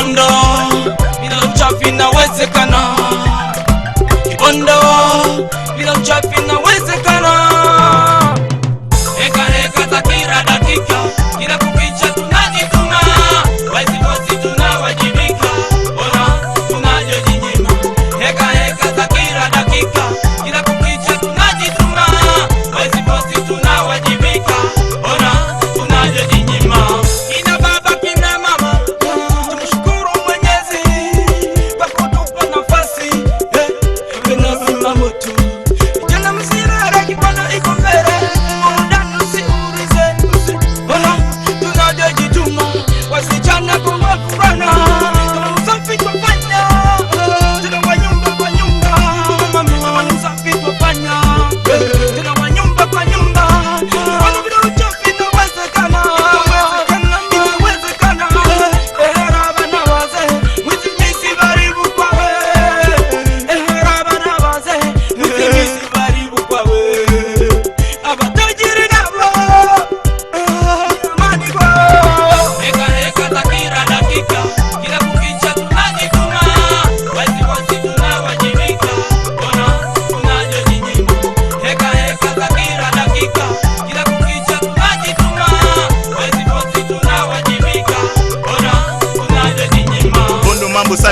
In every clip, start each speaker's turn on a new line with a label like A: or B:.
A: Kibondo bila uchafu inawezekana. Kibondo bila uchafu inawezekana.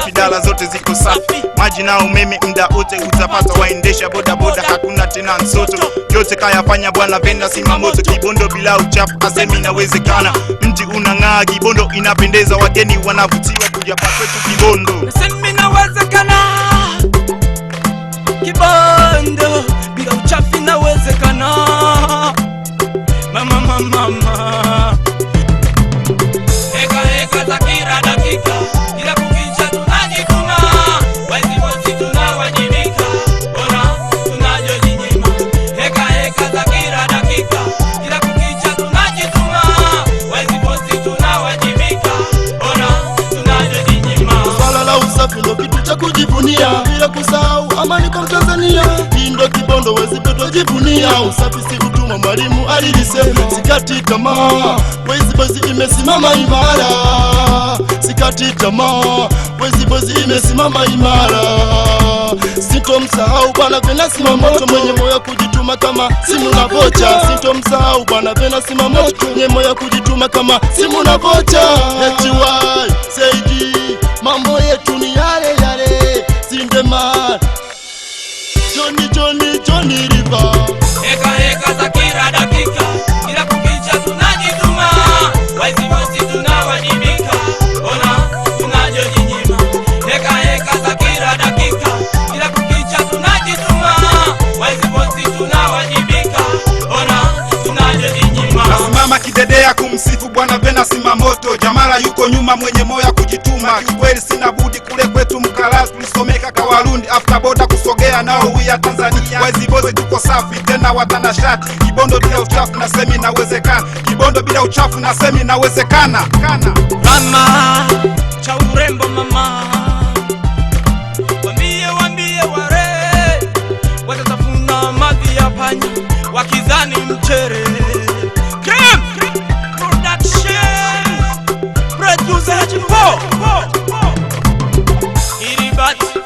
B: safi, dala zote ziko safi, maji na umeme mda wote utapata, waendesha bodaboda hakuna tena nsoto yote kayafanya bwana venda sima moto, Kibondo bila uchafu asemi inawezekana, mji unang'aa, Kibondo inapendeza, wageni wanavutiwa kuja pakwetu Kibondo. bila kusahau amani kwa Mtanzania. Pindwa kibondo wezi petwa jivunia, usafi si kutuma, mwalimu alilisema. Sikati tamaa, wezi bozi imesimama imara. Sikati tamaa, wezi bozi imesimama imara. Sitomsahau bwana Venansi Mamoto, mwenye moyo kujituma kama simu na vocha. Sitomsahau bwana Venansi Mamoto, mwenye moyo kujituma kama simu na vocha. journey, journey. mtoto Jamala yuko nyuma, mwenye moya kujituma. Kweli sina budi kule kwetu Mkalas tulisomeka Kawarundi, after boda kusogea nao uya Tanzania. Wezibozi tuko safi tena watanashati, Kibondo bila uchafu na semi nawezekana. Kibondo bila uchafu na semi nawezekana. Kana.
A: Mama cha urembo mama, wambie wambie wale. watatafuna madhi ya panya wakizani mchere What?